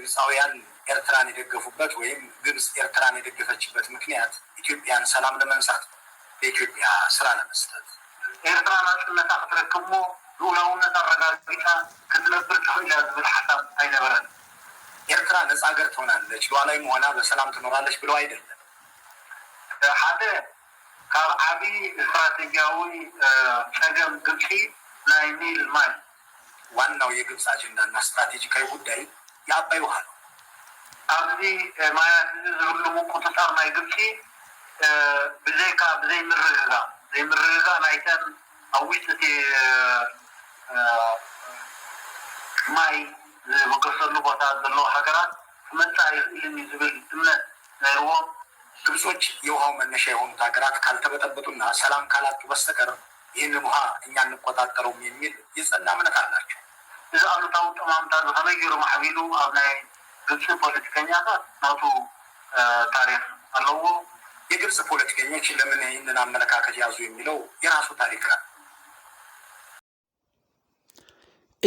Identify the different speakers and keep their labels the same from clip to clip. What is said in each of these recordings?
Speaker 1: ግብፃውያን ኤርትራን የደገፉበት ወይም ግብፅ ኤርትራን የደገፈችበት ምክንያት ኢትዮጵያን ሰላም ለመንሳት ለኢትዮጵያ ስራ ለመስጠት ኤርትራ ናፅነታ ክትረክብሞ ልኡላውነት አረጋጊታ ክትነብር ትኽእል ዝብል ሓሳብ ኣይነበረን። ኤርትራ ነፃ ሀገር ትሆናለች ሉዓላዊ መሆና በሰላም ትኖራለች ብለው አይደለም። ሓደ ካብ ዓብይ ስትራቴጂያዊ ፀገም ግብፂ ናይ ኒል ማይ ዋናው የግብፅ አጀንዳና ስትራቴጂካዊ ጉዳይ የአባይ ውሃ ነው። ኣብዚ ማያት ዝህልዎ ቁፅፃር ናይ ግብፂ ብዘይካ ብዘይ ምርግጋ ዘይ ምርግጋ ናይተን ኣብ ውሽጢ እቲ ማይ ዝምገሰሉ ቦታ ዘለዎ ሃገራት ክመፃ ይኽእልን እዩ ዝብል እምነት ነይርዎም። ግብጾች የውሃው መነሻ የሆኑት ሀገራት ካልተበጠበጡና ሰላም ካላጡ በስተቀር ይህን ውሃ እኛ እንቆጣጠረውም የሚል የጸና እምነት አላቸው። እዚ ኣሉታዊ ጠማምታ ከመይ ማሕቢሉ ኣብ ናይ ግብፂ ፖለቲከኛታት ናቱ ታሪክ ኣለዎ። የግብፅ ፖለቲከኞች ለምን ይህንን አመለካከት ያዙ የሚለው የራሱ ታሪክ አለ።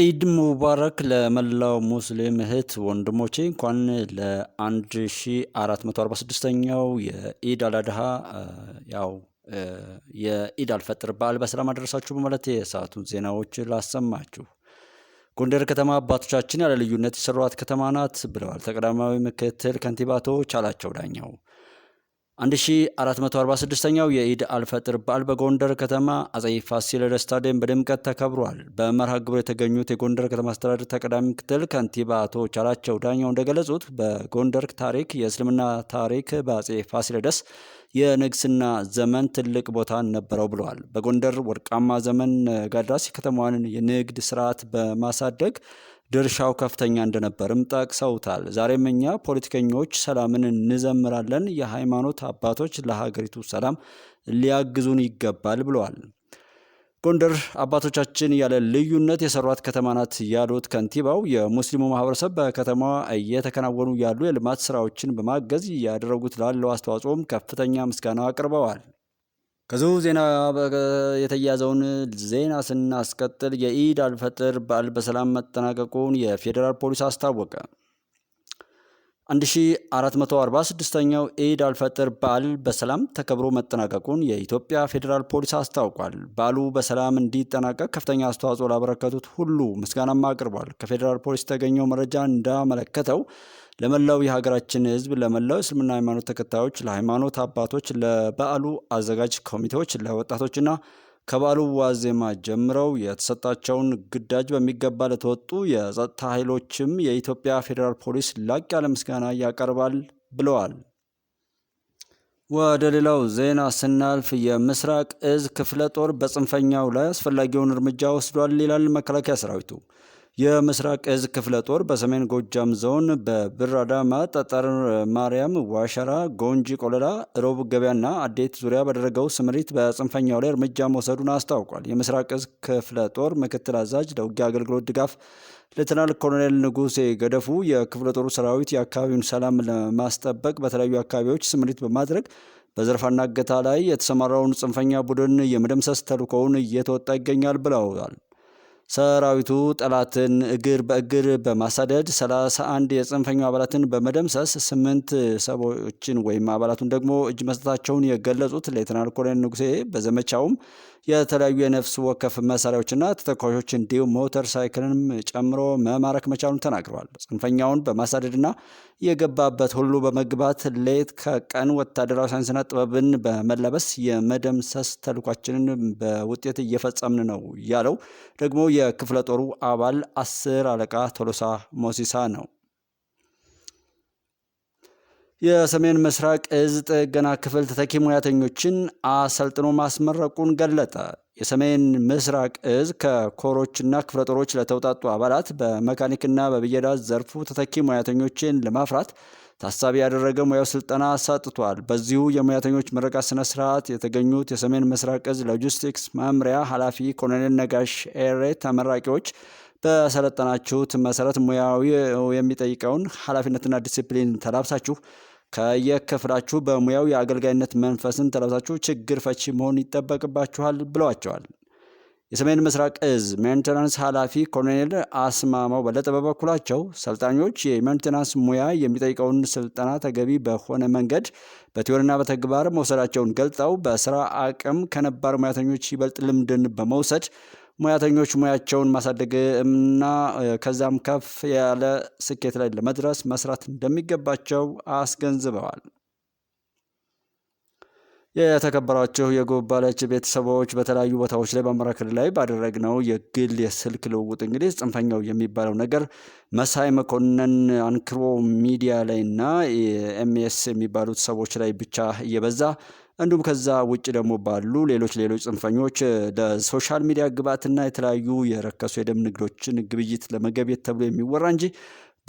Speaker 1: ኢድ ሙባረክ ለመላው ሙስሊም እህት ወንድሞቼ፣ እንኳን ለ1446ኛው የኢድ አላድሃ ያው የኢድ አልፈጥር በዓል በሰላም አደረሳችሁ በማለት የሰዓቱን ዜናዎች ላሰማችሁ። ጎንደር ከተማ አባቶቻችን ያለ ልዩነት የሰሯት ከተማ ናት ብለዋል ተቀዳማዊ ምክትል ከንቲባ አቶ ቻላቸው ዳኘው። 1446ኛው የኢድ አልፈጥር በዓል በጎንደር ከተማ አጼ ፋሲለደስ ስታዲየም በድምቀት ተከብሯል። በመርሃ ግብሩ የተገኙት የጎንደር ከተማ አስተዳደር ተቀዳሚ ምክትል ከንቲባ አቶ ቻላቸው ዳኛው እንደገለጹት በጎንደር ታሪክ የእስልምና ታሪክ በአጼ ፋሲለደስ የንግስና ዘመን ትልቅ ቦታ ነበረው ብለዋል። በጎንደር ወርቃማ ዘመን ነጋድራስ የከተማዋን የንግድ ስርዓት በማሳደግ ድርሻው ከፍተኛ እንደነበርም ጠቅሰውታል። ዛሬም እኛ ፖለቲከኞች ሰላምን እንዘምራለን፣ የሃይማኖት አባቶች ለሀገሪቱ ሰላም ሊያግዙን ይገባል ብለዋል። ጎንደር አባቶቻችን ያለ ልዩነት የሰሯት ከተማ ናት ያሉት ከንቲባው የሙስሊሙ ማህበረሰብ በከተማዋ እየተከናወኑ ያሉ የልማት ስራዎችን በማገዝ ያደረጉት ላለው አስተዋጽኦም ከፍተኛ ምስጋና አቅርበዋል። ከዚሁ ዜና የተያዘውን ዜና ስናስቀጥል የኢድ አልፈጥር በዓል በሰላም መጠናቀቁን የፌዴራል ፖሊስ አስታወቀ። 1446ኛው ኢድ አልፈጥር በዓል በሰላም ተከብሮ መጠናቀቁን የኢትዮጵያ ፌዴራል ፖሊስ አስታውቋል። በዓሉ በሰላም እንዲጠናቀቅ ከፍተኛ አስተዋጽኦ ላበረከቱት ሁሉ ምስጋናም አቅርቧል። ከፌዴራል ፖሊስ የተገኘው መረጃ እንዳመለከተው ለመላው የሀገራችን ህዝብ ለመላው እስልምና ሃይማኖት ተከታዮች፣ ለሃይማኖት አባቶች፣ ለበዓሉ አዘጋጅ ኮሚቴዎች፣ ለወጣቶችና ከበዓሉ ዋዜማ ጀምረው የተሰጣቸውን ግዳጅ በሚገባ ለተወጡ የጸጥታ ኃይሎችም የኢትዮጵያ ፌዴራል ፖሊስ ላቅ ያለ ምስጋና ያቀርባል ብለዋል። ወደ ሌላው ዜና ስናልፍ የምስራቅ እዝ ክፍለ ጦር በጽንፈኛው ላይ አስፈላጊውን እርምጃ ወስዷል ይላል መከላከያ ሰራዊቱ። የምስራቅ እዝ ክፍለ ጦር በሰሜን ጎጃም ዞን በብር አዳማ፣ ጠጠር ማርያም፣ ዋሸራ፣ ጎንጂ ቆለላ፣ ሮብ ገበያና አዴት ዙሪያ በደረገው ስምሪት በጽንፈኛው ላይ እርምጃ መውሰዱን አስታውቋል። የምስራቅ እዝ ክፍለ ጦር ምክትል አዛዥ ለውጊያ አገልግሎት ድጋፍ ሌተናል ኮሎኔል ንጉሴ ገደፉ የክፍለ ጦሩ ሰራዊት የአካባቢውን ሰላም ለማስጠበቅ በተለያዩ አካባቢዎች ስምሪት በማድረግ በዘርፋና እገታ ላይ የተሰማራውን ጽንፈኛ ቡድን የመደምሰስ ተልእኮውን እየተወጣ ይገኛል ብለዋል። ሰራዊቱ ጠላትን እግር በእግር በማሳደድ 31 አንድ የጽንፈኛው አባላትን በመደምሰስ ስምንት ሰዎችን ወይም አባላቱን ደግሞ እጅ መስጠታቸውን የገለጹት ሌተናል ኮሎኔል ንጉሴ በዘመቻውም የተለያዩ የነፍስ ወከፍ መሳሪያዎችና ተተኳሾች እንዲሁም ሞተር ሳይክልንም ጨምሮ መማረክ መቻሉን ተናግረዋል። ጽንፈኛውን በማሳደድና የገባበት ሁሉ በመግባት ሌት ከቀን ወታደራዊ ሳይንስና ጥበብን በመለበስ የመደምሰስ ተልኳችንን በውጤት እየፈጸምን ነው ያለው ደግሞ የክፍለ ጦሩ አባል አስር አለቃ ቶሎሳ ሞሲሳ ነው። የሰሜን ምስራቅ እዝ ጥገና ክፍል ተተኪ ሙያተኞችን አሰልጥኖ ማስመረቁን ገለጠ። የሰሜን ምስራቅ እዝ ከኮሮችና ክፍለ ጦሮች ለተውጣጡ አባላት በመካኒክና በብየዳ ዘርፉ ተተኪ ሙያተኞችን ለማፍራት ታሳቢ ያደረገ ሙያው ስልጠና አሳጥቷል። በዚሁ የሙያተኞች ምረቃ ስነ ስርዓት የተገኙት የሰሜን ምስራቅ እዝ ሎጂስቲክስ መምሪያ ኃላፊ ኮሎኔል ነጋሽ ኤሬ ተመራቂዎች በሰለጠናችሁት መሰረት ሙያዊ የሚጠይቀውን ኃላፊነትና ዲሲፕሊን ተላብሳችሁ ከየክፍላችሁ በሙያው የአገልጋይነት መንፈስን ተለብሳችሁ ችግር ፈቺ መሆን ይጠበቅባችኋል ብለዋቸዋል። የሰሜን ምስራቅ እዝ ሜንቴናንስ ኃላፊ ኮሎኔል አስማማው በለጠ በበኩላቸው ሰልጣኞች የሜንቴናንስ ሙያ የሚጠይቀውን ስልጠና ተገቢ በሆነ መንገድ በቲዮሪና በተግባር መውሰዳቸውን ገልጠው በስራ አቅም ከነባር ሙያተኞች ይበልጥ ልምድን በመውሰድ ሙያተኞች ሙያቸውን ማሳደግ እና ከዛም ከፍ ያለ ስኬት ላይ ለመድረስ መስራት እንደሚገባቸው አስገንዝበዋል። የተከበራችሁ የጎባለች ቤተሰቦች በተለያዩ ቦታዎች ላይ በአማራ ክልል ላይ ባደረግነው የግል የስልክ ልውውጥ እንግዲህ ጽንፈኛው የሚባለው ነገር መሳይ መኮንን አንክሮ ሚዲያ ላይ እና ኤምኤስ የሚባሉት ሰዎች ላይ ብቻ እየበዛ እንዲሁም ከዛ ውጭ ደግሞ ባሉ ሌሎች ሌሎች ጽንፈኞች ለሶሻል ሚዲያ ግብዓትና የተለያዩ የረከሱ የደም ንግዶችን ግብይት ለመገብየት ተብሎ የሚወራ እንጂ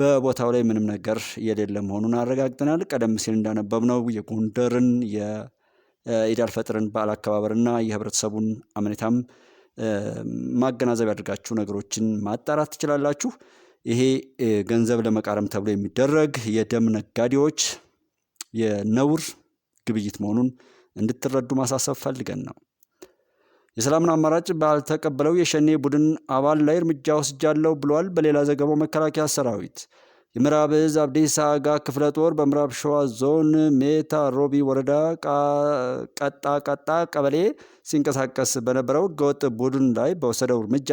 Speaker 1: በቦታው ላይ ምንም ነገር የሌለ መሆኑን አረጋግጠናል። ቀደም ሲል እንዳነበብነው የጎንደርን የኢዳል ፈጥርን በዓል አከባበርና የህብረተሰቡን አመኔታም ማገናዘብ ያደርጋችሁ ነገሮችን ማጣራት ትችላላችሁ። ይሄ ገንዘብ ለመቃረም ተብሎ የሚደረግ የደም ነጋዴዎች የነውር ግብይት መሆኑን እንድትረዱ ማሳሰብ ፈልገን ነው። የሰላምን አማራጭ ባልተቀበለው የሸኔ ቡድን አባል ላይ እርምጃ ወስጃለሁ ብሏል። በሌላ ዘገባው መከላከያ ሰራዊት የምዕራብ እዝ አብዲሳ አጋ ክፍለ ጦር በምዕራብ ሸዋ ዞን ሜታ ሮቢ ወረዳ ቀጣ ቀጣ ቀበሌ ሲንቀሳቀስ በነበረው ህገወጥ ቡድን ላይ በወሰደው እርምጃ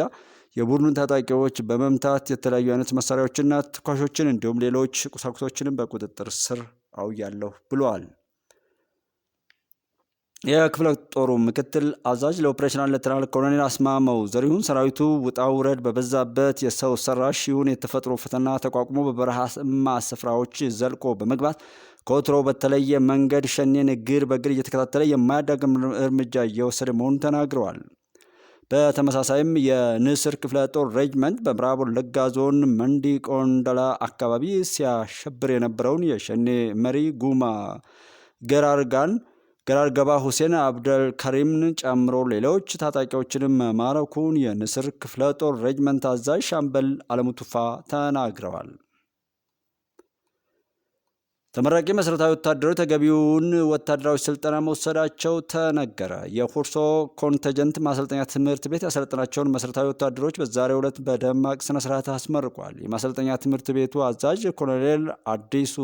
Speaker 1: የቡድኑን ታጣቂዎች በመምታት የተለያዩ አይነት መሳሪያዎችና ትኳሾችን እንዲሁም ሌሎች ቁሳቁሶችንም በቁጥጥር ስር አውያለሁ ብሏል። የክፍለ ጦሩ ምክትል አዛዥ ለኦፕሬሽናል ሌተናል ኮሎኔል አስማመው ዘሪሁን ሰራዊቱ ውጣ ውረድ በበዛበት የሰው ሰራሽ ይሁን የተፈጥሮ ፈተና ተቋቁሞ በበረሃማ ስፍራዎች ዘልቆ በመግባት ከወትሮ በተለየ መንገድ ሸኔን እግር በግር እየተከታተለ የማያዳግም እርምጃ እየወሰደ መሆኑን ተናግረዋል። በተመሳሳይም የንስር ክፍለ ጦር ሬጅመንት በምዕራብ ወለጋ ዞን መንዲ ቆንደላ አካባቢ ሲያሸብር የነበረውን የሸኔ መሪ ጉማ ገራርጋን ገራር ገባ ሁሴን አብደል ጨምሮ ሌሎች ታጣቂዎችንም ማረኩን የንስር ክፍለ ጦር ሬጅመንት አዛዥ ሻምበል አለሙቱፋ ተናግረዋል። ተመራቂ መሠረታዊ ወታደሮች ተገቢውን ወታደራዊ ስልጠና መውሰዳቸው ተነገረ። የሁርሶ ኮንተጀንት ማሰልጠኛ ትምህርት ቤት ያሰለጠናቸውን መሠረታዊ ወታደሮች በዛሬው ዕለት በደማቅ ስነስርዓት አስመርቋል። የማሰልጠኛ ትምህርት ቤቱ አዛዥ ኮሎኔል አዲሱ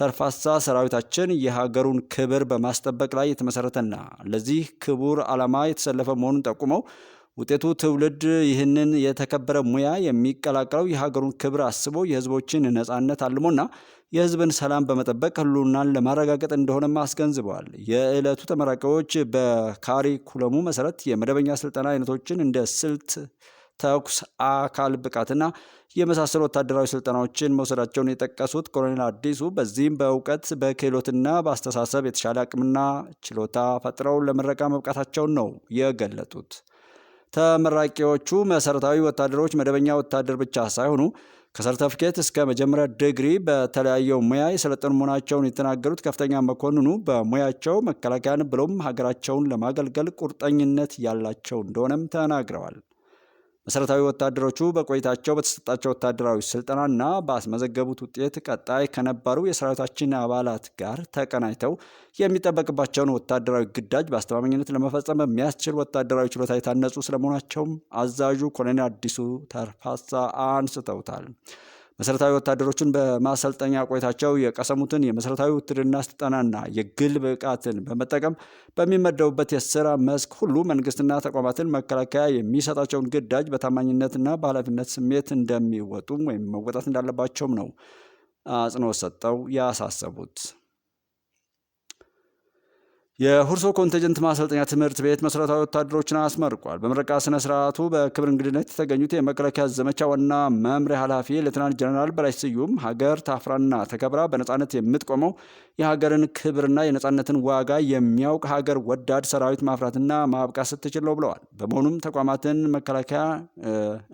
Speaker 1: ተርፋሳ ሰራዊታችን የሀገሩን ክብር በማስጠበቅ ላይ የተመሰረተና ለዚህ ክቡር ዓላማ የተሰለፈ መሆኑን ጠቁመው ውጤቱ ትውልድ ይህንን የተከበረ ሙያ የሚቀላቀለው የሀገሩን ክብር አስቦ የህዝቦችን ነፃነት አልሞና የህዝብን ሰላም በመጠበቅ ህልውናን ለማረጋገጥ እንደሆነም አስገንዝበዋል። የዕለቱ ተመራቂዎች በካሪኩለሙ መሰረት የመደበኛ ስልጠና አይነቶችን እንደ ስልት ተኩስ፣ አካል ብቃትና የመሳሰሉ ወታደራዊ ስልጠናዎችን መውሰዳቸውን የጠቀሱት ኮሎኔል አዲሱ በዚህም በእውቀት በክህሎትና በአስተሳሰብ የተሻለ አቅምና ችሎታ ፈጥረው ለምረቃ መብቃታቸውን ነው የገለጡት። ተመራቂዎቹ መሰረታዊ ወታደሮች መደበኛ ወታደር ብቻ ሳይሆኑ ከሰርተፍኬት እስከ መጀመሪያ ዲግሪ በተለያየው ሙያ የሰለጠኑ መሆናቸውን የተናገሩት ከፍተኛ መኮንኑ በሙያቸው መከላከያን ብሎም ሀገራቸውን ለማገልገል ቁርጠኝነት ያላቸው እንደሆነም ተናግረዋል። መሰረታዊ ወታደሮቹ በቆይታቸው በተሰጣቸው ወታደራዊ ስልጠናና ባስመዘገቡት ውጤት ቀጣይ ከነባሩ የሰራዊታችን አባላት ጋር ተቀናጅተው የሚጠበቅባቸውን ወታደራዊ ግዳጅ በአስተማማኝነት ለመፈጸም በሚያስችል ወታደራዊ ችሎታ የታነጹ ስለመሆናቸውም አዛዡ ኮሎኔል አዲሱ ተርፋሳ አንስተውታል። መሰረታዊ ወታደሮችን በማሰልጠኛ ቆይታቸው የቀሰሙትን የመሰረታዊ ውትድርና ስልጠናና የግል ብቃትን በመጠቀም በሚመደቡበት የስራ መስክ ሁሉ መንግስትና ተቋማትን መከላከያ የሚሰጣቸውን ግዳጅ በታማኝነትና በኃላፊነት ስሜት እንደሚወጡም ወይም መወጣት እንዳለባቸውም ነው አጽንኦት ሰጠው ያሳሰቡት። የሁርሶ ኮንቴጀንት ማሰልጠኛ ትምህርት ቤት መሰረታዊ ወታደሮችን አስመርቋል። በምረቃ ስነ ስርዓቱ በክብር እንግድነት የተገኙት የመከላከያ ዘመቻ ዋና መምሪያ ኃላፊ ሌትናንት ጀነራል በላይ ስዩም ሀገር ታፍራና ተከብራ በነፃነት የምትቆመው የሀገርን ክብርና የነፃነትን ዋጋ የሚያውቅ ሀገር ወዳድ ሰራዊት ማፍራትና ማብቃት ስትችል ነው ብለዋል። በመሆኑም ተቋማትን መከላከያ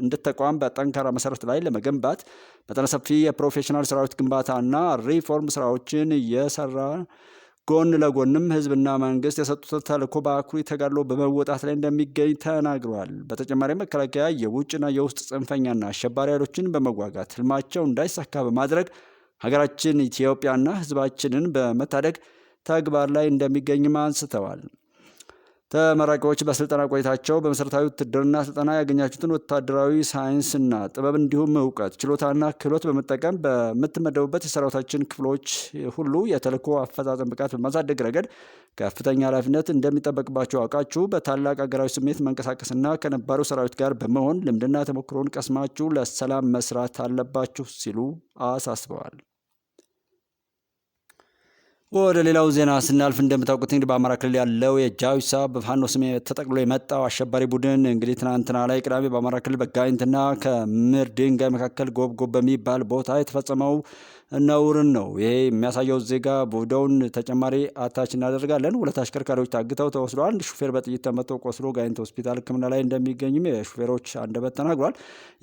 Speaker 1: እንድተቋም በጠንካራ መሰረት ላይ ለመገንባት መጠነ ሰፊ የፕሮፌሽናል ሰራዊት ግንባታና ሪፎርም ስራዎችን እየሰራ ጎን ለጎንም ህዝብና መንግስት የሰጡት ተልዕኮ በአኩሪ ተጋድሎ በመወጣት ላይ እንደሚገኝ ተናግረዋል። በተጨማሪ መከላከያ የውጭና የውስጥ ጽንፈኛና አሸባሪ ኃይሎችን በመዋጋት ህልማቸው እንዳይሳካ በማድረግ ሀገራችን ኢትዮጵያና ህዝባችንን በመታደግ ተግባር ላይ እንደሚገኝም አንስተዋል። ተመራቂዎች በስልጠና ቆይታቸው በመሰረታዊ ውትድርና ስልጠና ያገኛችሁትን ወታደራዊ ሳይንስና ጥበብ እንዲሁም እውቀት፣ ችሎታና ክህሎት በመጠቀም በምትመደቡበት የሰራዊታችን ክፍሎች ሁሉ የተልኮ አፈጻጸም ብቃት በማሳደግ ረገድ ከፍተኛ ኃላፊነት እንደሚጠበቅባቸው አውቃችሁ በታላቅ አገራዊ ስሜት መንቀሳቀስና ከነባሩ ሰራዊት ጋር በመሆን ልምድና ተሞክሮን ቀስማችሁ ለሰላም መስራት አለባችሁ ሲሉ አሳስበዋል። ወደ ሌላው ዜና ስናልፍ እንደምታውቁት እንግዲህ በአማራ ክልል ያለው የጃዊሳ በፋኖ ስም ተጠቅሎ የመጣው አሸባሪ ቡድን እንግዲህ ትናንትና ላይ ቅዳሜ በአማራ ክልል በጋይንትና ከምር ድንጋይ መካከል ጎብጎብ በሚባል ቦታ የተፈጸመው ነውርን ነው። ይሄ የሚያሳየው ዜጋ ቦዳውን ተጨማሪ አታች እናደርጋለን። ሁለት አሽከርካሪዎች ታግተው ተወስደዋል። ሹፌር በጥይት ተመቶ ቆስሎ ጋይንት ሆስፒታል ሕክምና ላይ እንደሚገኝም የሹፌሮች አንደበት ተናግሯል።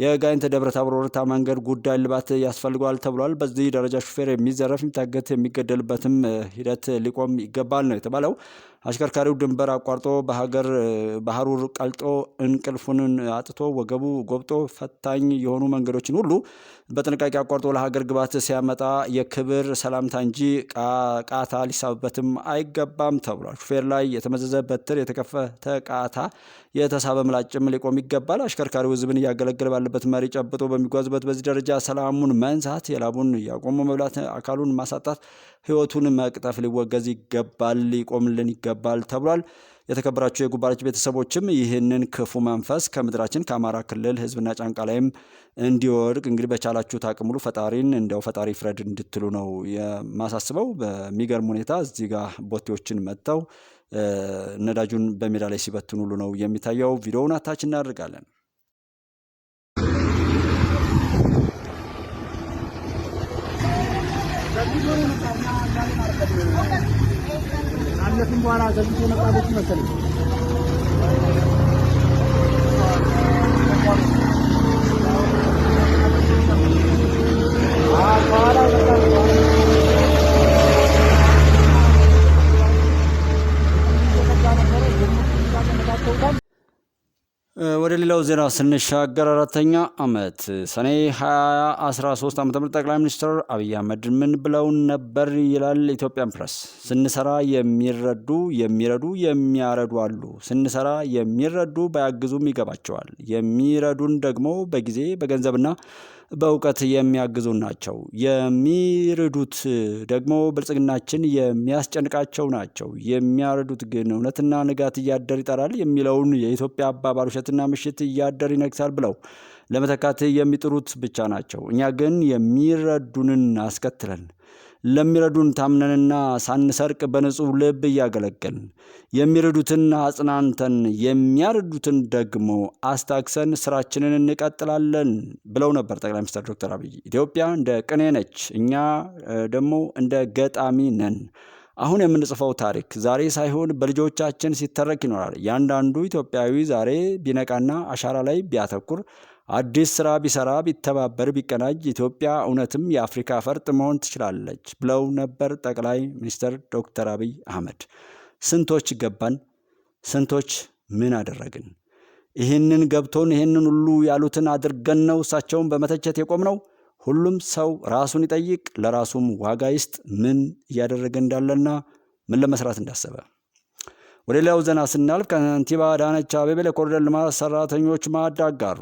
Speaker 1: የጋይንት ደብረ ታቦር ወረታ መንገድ ጉዳይ ልባት ያስፈልገዋል ተብሏል። በዚህ ደረጃ ሹፌር የሚዘረፍ የሚታገት የሚገደልበትም ሂደት ሊቆም ይገባል ነው የተባለው። አሽከርካሪው ድንበር አቋርጦ በሀገር ባህሩር ቀልጦ እንቅልፉን አጥቶ ወገቡ ጎብጦ ፈታኝ የሆኑ መንገዶችን ሁሉ በጥንቃቄ አቋርጦ ለሀገር ግብዓት ሲያመጣ የክብር ሰላምታ እንጂ ቃታ ሊሳብበትም አይገባም ተብሏል። ሹፌር ላይ የተመዘዘ በትር፣ የተከፈተ ቃታ፣ የተሳበ ምላጭም ሊቆም ይገባል። አሽከርካሪው ህዝብን እያገለገለ ባለበት መሪ ጨብጦ በሚጓዝበት በዚህ ደረጃ ሰላሙን መንሳት፣ የላቡን ያቆሙ መብላት፣ አካሉን ማሳጣት፣ ህይወቱን መቅጠፍ ሊወገዝ ይገባል፣ ሊቆምልን ይገባል ይገባል ተብሏል። የተከበራቸው የጉባለች ቤተሰቦችም ይህንን ክፉ መንፈስ ከምድራችን ከአማራ ክልል ህዝብና ጫንቃ ላይም እንዲወድቅ እንግዲህ በቻላችሁት አቅም ሁሉ ፈጣሪን እንደው ፈጣሪ ፍረድ እንድትሉ ነው የማሳስበው። በሚገርም ሁኔታ እዚህ ጋር ቦቴዎችን መጥተው ነዳጁን በሜዳ ላይ ሲበትን ሁሉ ነው የሚታየው። ቪዲዮውን አታች እናደርጋለን። पारा असेल पूर्ण पाण्याची नसेल ወደሚለው ዜና ስንሻገር አራተኛ ዓመት ሰኔ 20 ዓ ም ጠቅላይ ሚኒስትር አብይ አህመድ ምን ብለው ነበር ይላል ኢትዮጵያን ፕረስ። ስንሰራ የሚረዱ የሚረዱ የሚያረዱ አሉ። ስንሰራ የሚረዱ ባያግዙም ይገባቸዋል። የሚረዱን ደግሞ በጊዜ በገንዘብና በእውቀት የሚያግዙ ናቸው። የሚርዱት ደግሞ ብልጽግናችን የሚያስጨንቃቸው ናቸው። የሚያርዱት ግን እውነትና ንጋት እያደር ይጠራል የሚለውን የኢትዮጵያ አባባል ውሸትና ምሽት እያደር ይነግሳል ብለው ለመተካት የሚጥሩት ብቻ ናቸው። እኛ ግን የሚረዱንን አስከትለን ለሚረዱን ታምነንና ሳንሰርቅ በንጹሕ ልብ እያገለገልን የሚረዱትን አጽናንተን የሚያረዱትን ደግሞ አስታክሰን ስራችንን እንቀጥላለን ብለው ነበር ጠቅላይ ሚኒስትር ዶክተር አብይ። ኢትዮጵያ እንደ ቅኔ ነች፣ እኛ ደግሞ እንደ ገጣሚ ነን። አሁን የምንጽፈው ታሪክ ዛሬ ሳይሆን በልጆቻችን ሲተረክ ይኖራል። እያንዳንዱ ኢትዮጵያዊ ዛሬ ቢነቃና አሻራ ላይ ቢያተኩር አዲስ ስራ ቢሰራ ቢተባበር ቢቀናጅ ኢትዮጵያ እውነትም የአፍሪካ ፈርጥ መሆን ትችላለች ብለው ነበር ጠቅላይ ሚኒስትር ዶክተር አብይ አህመድ። ስንቶች ገባን? ስንቶች ምን አደረግን? ይህንን ገብቶን ይህንን ሁሉ ያሉትን አድርገን ነው እሳቸውን በመተቸት የቆምነው? ሁሉም ሰው ራሱን ይጠይቅ፣ ለራሱም ዋጋ ይስጥ፣ ምን እያደረገ እንዳለና ምን ለመስራት እንዳሰበ። ወደ ሌላው ዜና ስናልፍ ከንቲባ አዳነች አቤቤ ለኮሪደር ልማት ሰራተኞች ማዕድ አጋሩ።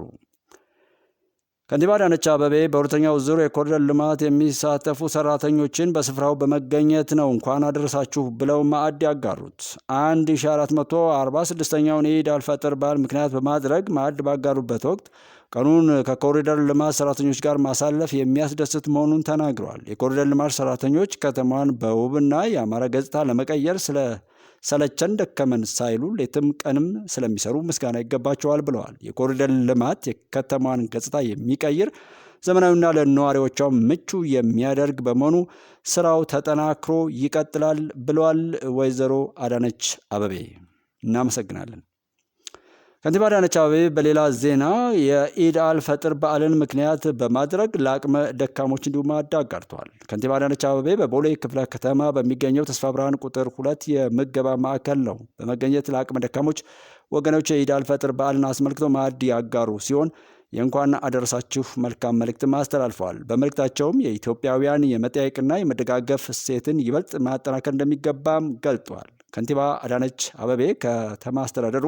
Speaker 1: ከንቲባ አዳነች አበቤ በሁለተኛው ዙር የኮሪደር ልማት የሚሳተፉ ሰራተኞችን በስፍራው በመገኘት ነው እንኳን አደረሳችሁ ብለው ማዕድ ያጋሩት። 1446ኛውን ኢድ አልፈጥር በዓል ምክንያት በማድረግ ማዕድ ባጋሩበት ወቅት ቀኑን ከኮሪደር ልማት ሰራተኞች ጋር ማሳለፍ የሚያስደስት መሆኑን ተናግረዋል። የኮሪደር ልማት ሰራተኞች ከተማዋን በውብና የአማረ ገጽታ ለመቀየር ስለ ሰለቸን ደከመን ሳይሉ ሌትም ቀንም ስለሚሰሩ ምስጋና ይገባቸዋል ብለዋል። የኮሪደር ልማት የከተማዋን ገጽታ የሚቀይር ዘመናዊና ለነዋሪዎቿ ምቹ የሚያደርግ በመሆኑ ስራው ተጠናክሮ ይቀጥላል ብለዋል ወይዘሮ አዳነች አበቤ። እናመሰግናለን። ከንቲባ አዳነች አቤቤ በሌላ ዜና የኢድ አልፈጥር በዓልን ምክንያት በማድረግ ለአቅመ ደካሞች እንዲሁም ማዕድ አጋርተዋል። ከንቲባ አዳነች አቤቤ በቦሌ ክፍለ ከተማ በሚገኘው ተስፋ ብርሃን ቁጥር ሁለት የምገባ ማዕከል ነው በመገኘት ለአቅመ ደካሞች ወገኖች የኢድ አልፈጥር በዓልን አስመልክቶ ማዕድ ያጋሩ ሲሆን የእንኳን አደረሳችሁ መልካም መልክት አስተላልፈዋል። በመልእክታቸውም የኢትዮጵያውያን የመጠያየቅና የመደጋገፍ እሴትን ይበልጥ ማጠናከር እንደሚገባም ገልጧል። ከንቲባ አዳነች አበቤ ከተማ አስተዳደሩ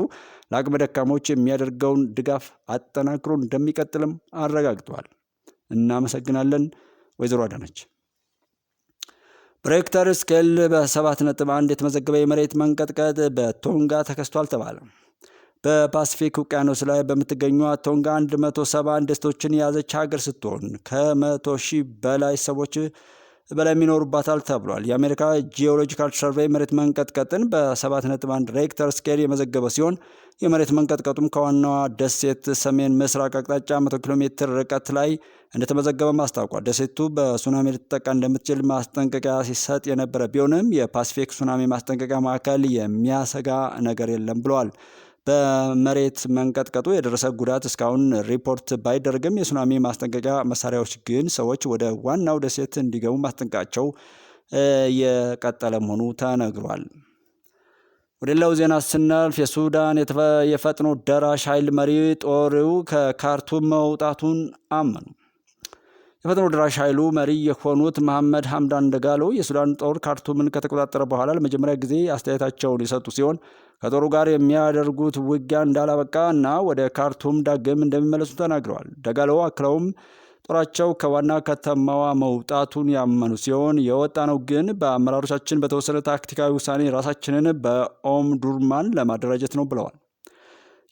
Speaker 1: ለአቅመ ደካሞች የሚያደርገውን ድጋፍ አጠናክሮ እንደሚቀጥልም አረጋግጠዋል። እናመሰግናለን ወይዘሮ አዳነች። በሬክተር ስኬል በ7.1 የተመዘገበ የመሬት መንቀጥቀጥ በቶንጋ ተከስቷል ተባለ። በፓሲፊክ ውቅያኖስ ላይ በምትገኙ ቶንጋ 171 ደሴቶችን የያዘች ሀገር ስትሆን ከመቶ ሺህ በላይ ሰዎች በላይ ይኖሩባታል ተብሏል። የአሜሪካ ጂኦሎጂካል ሰርቬይ መሬት መንቀጥቀጥን በ7.1 ሬክተር ስኬል የመዘገበ ሲሆን የመሬት መንቀጥቀጡም ከዋናዋ ደሴት ሰሜን ምስራቅ አቅጣጫ 100 ኪሎ ሜትር ርቀት ላይ እንደተመዘገበም አስታውቋል። ደሴቱ በሱናሚ ልትጠቃ እንደምትችል ማስጠንቀቂያ ሲሰጥ የነበረ ቢሆንም የፓሲፊክ ሱናሚ ማስጠንቀቂያ ማዕከል የሚያሰጋ ነገር የለም ብለዋል። በመሬት መንቀጥቀጡ የደረሰ ጉዳት እስካሁን ሪፖርት ባይደረግም የሱናሚ ማስጠንቀቂያ መሳሪያዎች ግን ሰዎች ወደ ዋናው ደሴት እንዲገቡ ማስጠንቀቃቸው የቀጠለ መሆኑ ተነግሯል። ወደ ሌላው ዜና ስናልፍ የሱዳን የፈጥኖ ደራሽ ኃይል መሪ ጦሪው ከካርቱም መውጣቱን አመኑ። የፈጥኖ ደራሽ ኃይሉ መሪ የሆኑት መሐመድ ሐምዳን ደጋሎ የሱዳን ጦር ካርቱምን ከተቆጣጠረ በኋላ ለመጀመሪያ ጊዜ አስተያየታቸውን የሰጡ ሲሆን ከጦሩ ጋር የሚያደርጉት ውጊያ እንዳላበቃ እና ወደ ካርቱም ዳግም እንደሚመለሱ ተናግረዋል። ደጋሎ አክለውም ጦራቸው ከዋና ከተማዋ መውጣቱን ያመኑ ሲሆን የወጣ ነው ግን በአመራሮቻችን በተወሰነ ታክቲካዊ ውሳኔ ራሳችንን በኦምዱርማን ለማደራጀት ነው ብለዋል።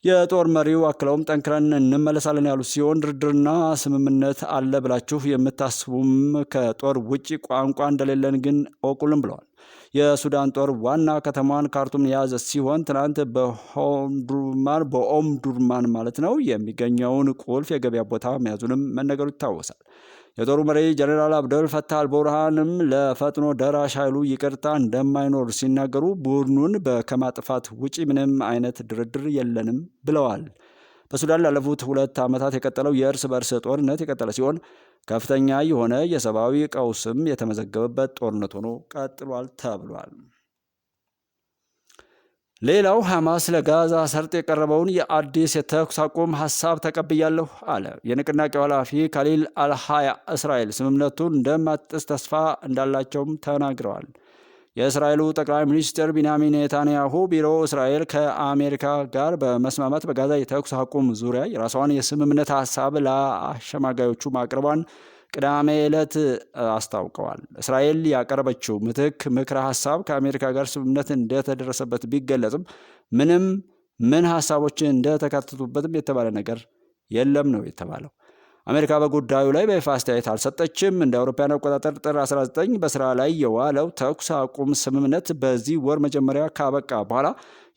Speaker 1: የጦር መሪው አክለውም ጠንክረን እንመለሳለን ያሉት ሲሆን ድርድርና ስምምነት አለ ብላችሁ የምታስቡም ከጦር ውጭ ቋንቋ እንደሌለን ግን ኦቁልም ብለዋል። የሱዳን ጦር ዋና ከተማዋን ካርቱም የያዘ ሲሆን ትናንት በሆምዱርማን በኦምዱርማን ማለት ነው የሚገኘውን ቁልፍ የገበያ ቦታ መያዙንም መነገሩ ይታወሳል። የጦሩ መሪ ጀኔራል አብደል ፈታ አልቦርሃንም ለፈጥኖ ደራሽ ኃይሉ ይቅርታ እንደማይኖር ሲናገሩ ቡድኑን ከማጥፋት ውጪ ምንም አይነት ድርድር የለንም ብለዋል። በሱዳን ላለፉት ሁለት ዓመታት የቀጠለው የእርስ በእርስ ጦርነት የቀጠለ ሲሆን ከፍተኛ የሆነ የሰብአዊ ቀውስም የተመዘገበበት ጦርነት ሆኖ ቀጥሏል ተብሏል። ሌላው ሐማስ ለጋዛ ሰርጥ የቀረበውን የአዲስ የተኩስ አቁም ሀሳብ ተቀብያለሁ አለ። የንቅናቄው ኃላፊ ከሊል አልሃያ እስራኤል ስምምነቱን እንደማትጥስ ተስፋ እንዳላቸውም ተናግረዋል። የእስራኤሉ ጠቅላይ ሚኒስትር ቢንያሚን ኔታንያሁ ቢሮ እስራኤል ከአሜሪካ ጋር በመስማማት በጋዛ የተኩስ አቁም ዙሪያ የራሷን የስምምነት ሀሳብ ለአሸማጋዮቹ ማቅረቧን ቅዳሜ ዕለት አስታውቀዋል። እስራኤል ያቀረበችው ምትክ ምክረ ሀሳብ ከአሜሪካ ጋር ስምምነት እንደተደረሰበት ቢገለጽም ምንም ምን ሀሳቦች እንደተካተቱበትም የተባለ ነገር የለም ነው የተባለው። አሜሪካ በጉዳዩ ላይ በይፋ አስተያየት አልሰጠችም። እንደ አውሮፓውያን አቆጣጠር ጥር 19 በስራ ላይ የዋለው ተኩስ አቁም ስምምነት በዚህ ወር መጀመሪያ ካበቃ በኋላ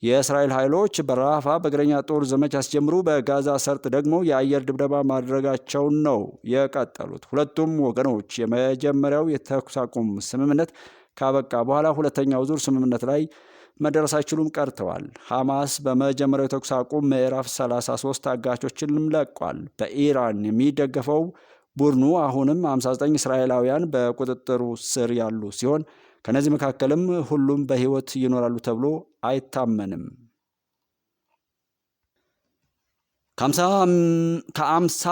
Speaker 1: የእስራኤል ኃይሎች በራፋ በእግረኛ ጦር ዘመቻ ሲጀምሩ በጋዛ ሰርጥ ደግሞ የአየር ድብደባ ማድረጋቸውን ነው የቀጠሉት። ሁለቱም ወገኖች የመጀመሪያው የተኩስ አቁም ስምምነት ካበቃ በኋላ ሁለተኛው ዙር ስምምነት ላይ መደረስ አይችሉም ቀርተዋል። ሐማስ በመጀመሪያው የተኩስ አቁም ምዕራፍ 33 አጋቾችንም ለቋል። በኢራን የሚደገፈው ቡድኑ አሁንም 59 እስራኤላውያን በቁጥጥሩ ስር ያሉ ሲሆን ከነዚህ መካከልም ሁሉም በሕይወት ይኖራሉ ተብሎ አይታመንም። ከአምሳ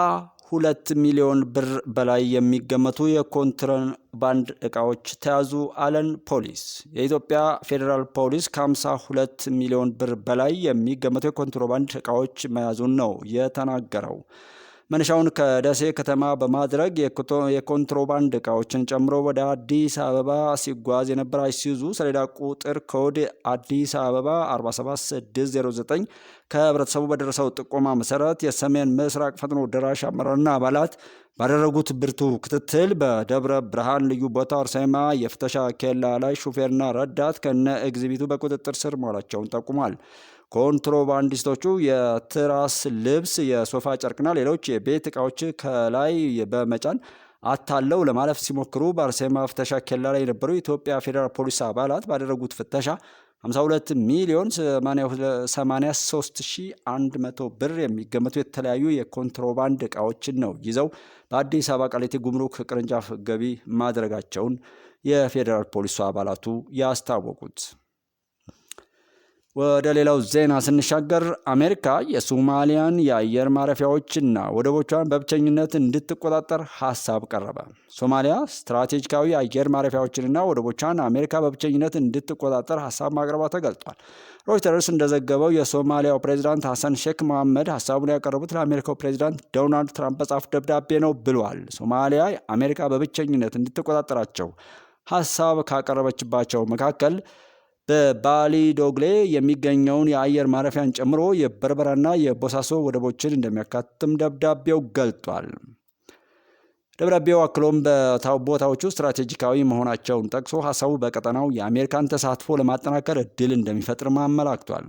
Speaker 1: ሁለት ሚሊዮን ብር በላይ የሚገመቱ የኮንትራባንድ እቃዎች ተያዙ አለን ፖሊስ። የኢትዮጵያ ፌዴራል ፖሊስ ከአምሳ ሁለት ሚሊዮን ብር በላይ የሚገመቱ የኮንትሮባንድ እቃዎች መያዙን ነው የተናገረው። መነሻውን ከደሴ ከተማ በማድረግ የኮንትሮባንድ እቃዎችን ጨምሮ ወደ አዲስ አበባ ሲጓዝ የነበረ አይሱዙ ሰሌዳ ቁጥር ኮድ አዲስ አበባ 47609 ከህብረተሰቡ በደረሰው ጥቆማ መሰረት የሰሜን ምስራቅ ፈጥኖ ደራሽ አመራርና አባላት ባደረጉት ብርቱ ክትትል በደብረ ብርሃን ልዩ ቦታ አርሴማ የፍተሻ ኬላ ላይ ሹፌርና ረዳት ከነ ኤግዚቢቱ በቁጥጥር ስር መዋላቸውን ጠቁሟል። ኮንትሮባንዲስቶቹ የትራስ ልብስ፣ የሶፋ ጨርቅና ሌሎች የቤት እቃዎች ከላይ በመጫን አታለው ለማለፍ ሲሞክሩ በአርሴማ ፍተሻ ኬላ ላይ የነበሩ የኢትዮጵያ ፌዴራል ፖሊስ አባላት ባደረጉት ፍተሻ 52 ሚሊዮን 83100 ብር የሚገመቱ የተለያዩ የኮንትሮባንድ እቃዎችን ነው ይዘው በአዲስ አበባ ቃሊቲ ጉምሩክ ቅርንጫፍ ገቢ ማድረጋቸውን የፌዴራል ፖሊሱ አባላቱ ያስታወቁት። ወደ ሌላው ዜና ስንሻገር አሜሪካ የሶማሊያን የአየር ማረፊያዎችና ወደቦቿን በብቸኝነት እንድትቆጣጠር ሀሳብ ቀረበ። ሶማሊያ ስትራቴጂካዊ የአየር ማረፊያዎችንና ወደቦቿን አሜሪካ በብቸኝነት እንድትቆጣጠር ሀሳብ ማቅረቧ ተገልጧል። ሮይተርስ እንደዘገበው የሶማሊያው ፕሬዚዳንት ሐሰን ሼክ መሐመድ ሀሳቡን ያቀረቡት ለአሜሪካው ፕሬዚዳንት ዶናልድ ትራምፕ በጻፉት ደብዳቤ ነው ብሏል። ሶማሊያ አሜሪካ በብቸኝነት እንድትቆጣጠራቸው ሀሳብ ካቀረበችባቸው መካከል በባሊዶግሌ የሚገኘውን የአየር ማረፊያን ጨምሮ የበርበራና የቦሳሶ ወደቦችን እንደሚያካትም ደብዳቤው ገልጧል። ደብዳቤው አክሎም ቦታዎቹ ስትራቴጂካዊ መሆናቸውን ጠቅሶ ሀሳቡ በቀጠናው የአሜሪካን ተሳትፎ ለማጠናከር እድል እንደሚፈጥርም አመላክቷል።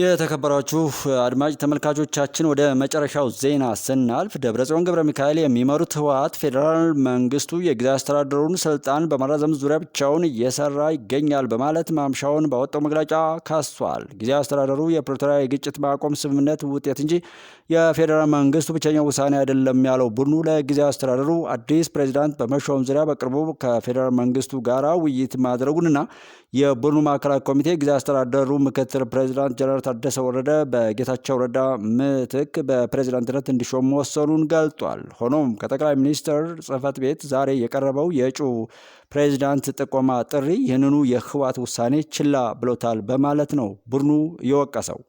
Speaker 1: የተከበራችሁ አድማጭ ተመልካቾቻችን ወደ መጨረሻው ዜና ስናልፍ ደብረጽዮን ገብረ ሚካኤል የሚመሩት ህወሓት ፌዴራል መንግስቱ የጊዜ አስተዳደሩን ስልጣን በማራዘም ዙሪያ ብቻውን እየሰራ ይገኛል በማለት ማምሻውን ባወጣው መግለጫ ካሷል። ጊዜ አስተዳደሩ የፕሪቶሪያ የግጭት ማቆም ስምምነት ውጤት እንጂ የፌዴራል መንግስቱ ብቸኛው ውሳኔ አይደለም ያለው ቡድኑ ለጊዜ አስተዳደሩ አዲስ ፕሬዚዳንት በመሾም ዙሪያ በቅርቡ ከፌዴራል መንግስቱ ጋራ ውይይት ማድረጉንና የቡድኑ ማዕከላዊ ኮሚቴ ጊዜ አስተዳደሩ ምክትል ፕሬዚዳንት ጀነራል ታደሰ ወረደ በጌታቸው ረዳ ምትክ በፕሬዚዳንትነት እንዲሾም መወሰኑን ገልጧል። ሆኖም ከጠቅላይ ሚኒስትር ጽህፈት ቤት ዛሬ የቀረበው የእጩ ፕሬዚዳንት ጥቆማ ጥሪ ይህንኑ የህወሓት ውሳኔ ችላ ብሎታል በማለት ነው ቡድኑ የወቀሰው።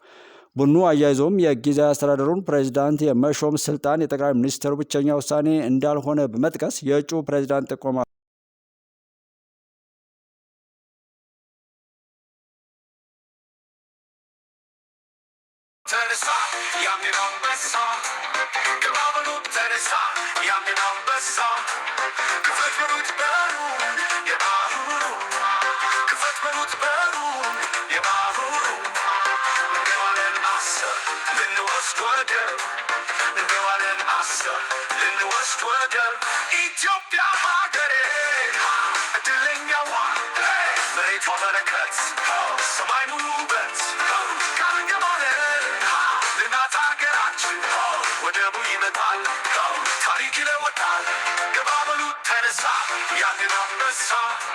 Speaker 1: ቡድኑ አያይዞም የጊዜያዊ አስተዳደሩን ፕሬዚዳንት የመሾም ስልጣን የጠቅላይ ሚኒስትሩ ብቸኛ ውሳኔ እንዳልሆነ በመጥቀስ የእጩ ፕሬዚዳንት ጥቆማ ተነሳ ያንን አንበሳ ግባ ተነሳ ያንን አንበሳ ክፈት በሉት በሩን የባህሩ ክፈት በሉት በሩን የባህሩ እንደዋለን አሰብ ልንወስድ ወደብ እንደዋለን አሰብ ልንወስድ ወደብ ኢትዮጵያ ሀገሬ እድለኛዋ መሬቷ በረከት ሰማይ ሙሉ Standing on the sun.